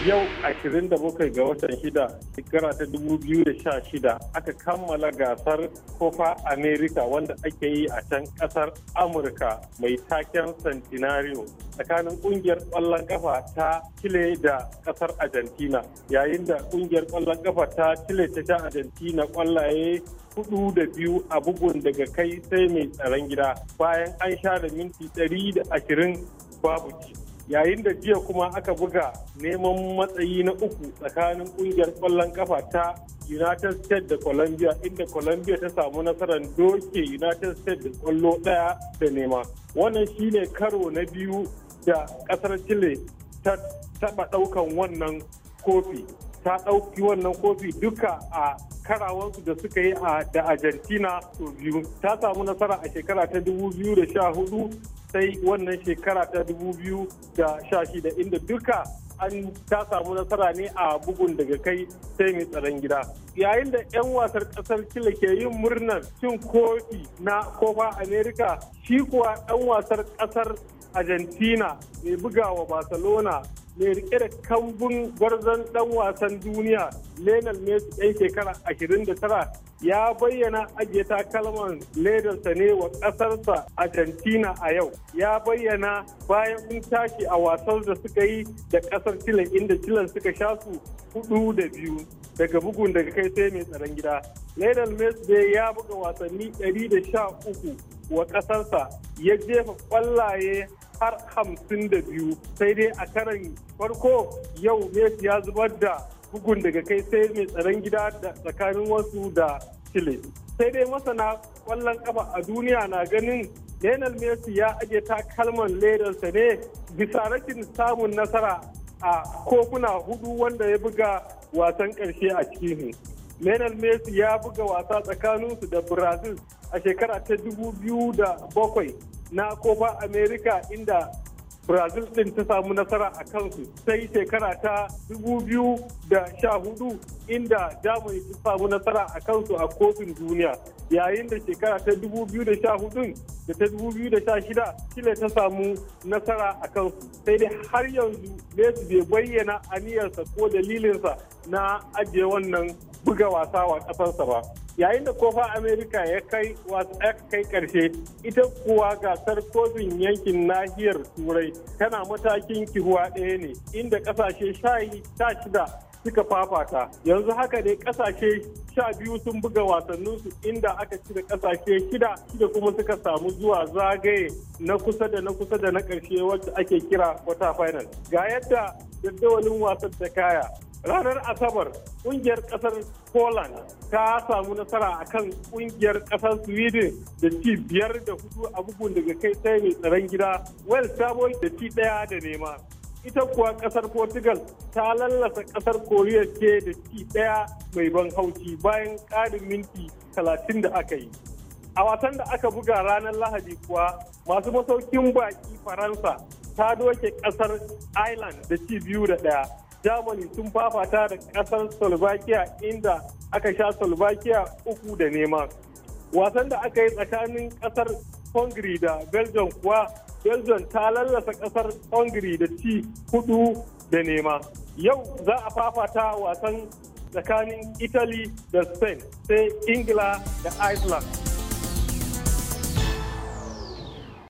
yau 27 ga watan shida shekara ta 2016 aka kammala gasar kofa america wanda ake yi a can kasar amurka mai taken centenario tsakanin kungiyar kwallon kafa ta chile da kasar argentina yayin da kungiyar kwallon kafa ta chile ta sha argentina kwallaye hudu da biyu a bugun daga kai sai mai tsaron gida bayan an sha da minti 120 babu ci yayin da jiya kuma aka buga neman matsayi na uku tsakanin kungiyar kwallon kafa ta united states da colombia inda colombia ta samu nasarar doke united states da kwallo daya da nema wannan shine karo na biyu da kasar chile ta taba daukan wannan kofi ta dauki wannan kofi duka a karawansu da suka yi da argentina sau biyu ta samu nasara a shekara ta 2014 sai wannan shekara ta da sha 2016 inda duka an ta samu nasara ne a bugun daga kai sai mai tsaron gida yayin da 'yan wasar kasar chile ke yin murnar cin kofi na kofa america shi kuwa 'yan wasar kasar argentina mai buga wa barcelona mai rike da kambun gwarzon dan wasan duniya Lionel Messi ɗan shekara 29 ya bayyana ajiye takalman ledarsa ne wa ƙasarsa Argentina a yau. Ya bayyana bayan sun tashi a wasan da suka yi da ƙasar Chile inda Chile suka sha su hudu da biyu daga bugun daga kai sai mai tsaron gida. Lionel Messi ya buga wasanni 113 wa ƙasarsa ya jefa ƙwallaye har 52 sai dai a karan farko yau Messi ya zubar da bugun daga kai sai mai tsaron gida da tsakanin wasu da chile sai dai masana kwallon kafa a duniya na ganin lionel messi ya aje takalman ledarsa ne bisa rashin samun nasara a kofuna hudu wanda ya buga wasan karshe a cikin lionel messi ya buga wasa tsakaninsu da brazil a shekara ta 2007 na kofa america inda brazil din ta samu nasara a kansu sai shekara ta 2014 inda germany ta samu nasara a kansu a kofin duniya yayin da shekara ta 2014 da ta 2016 chile ta samu nasara a kansu sai dai har yanzu lesu bai bayyana aniyarsa ko dalilinsa na ajiye wannan buga wasa wa ƙasarsa ba yayin da kofa amerika ya kai aka kai karshe ita kuwa gasar kofin yankin nahiyar turai tana matakin kihuwa ɗaya ne inda kasashe sha shida suka fafata yanzu haka ne kasashe sha biyu sun buga wasanninsu inda aka ci da kasashe shida shida kuma suka samu zuwa zagaye na kusa da na kusa da na karshe wacce ake kira wata final ga yadda jadawalin wasan ta kaya ranar asabar kungiyar kasar poland ta samu nasara a kan kungiyar kasar sweden da ci biyar da hudu a bugun daga kai sai mai tsaron gida wales ta boy da ci daya da nema ita kuwa kasar portugal ta lallasa kasar koriya ce da ci daya mai ban haushi bayan karin minti talatin da aka yi a wasan da aka buga ranar lahadi kuwa masu masaukin baki faransa ta doke kasar ireland da ci biyu da daya Germany sun fafata da kasar Slovakia inda aka sha Slovakia uku da nema. Wasan da aka yi tsakanin kasar Hungary da Belgium kuwa Belgium ta lallasa kasar Hungary da ci hudu da nema. Yau za a fafata wasan tsakanin Italy da Spain sai Ingila da Iceland.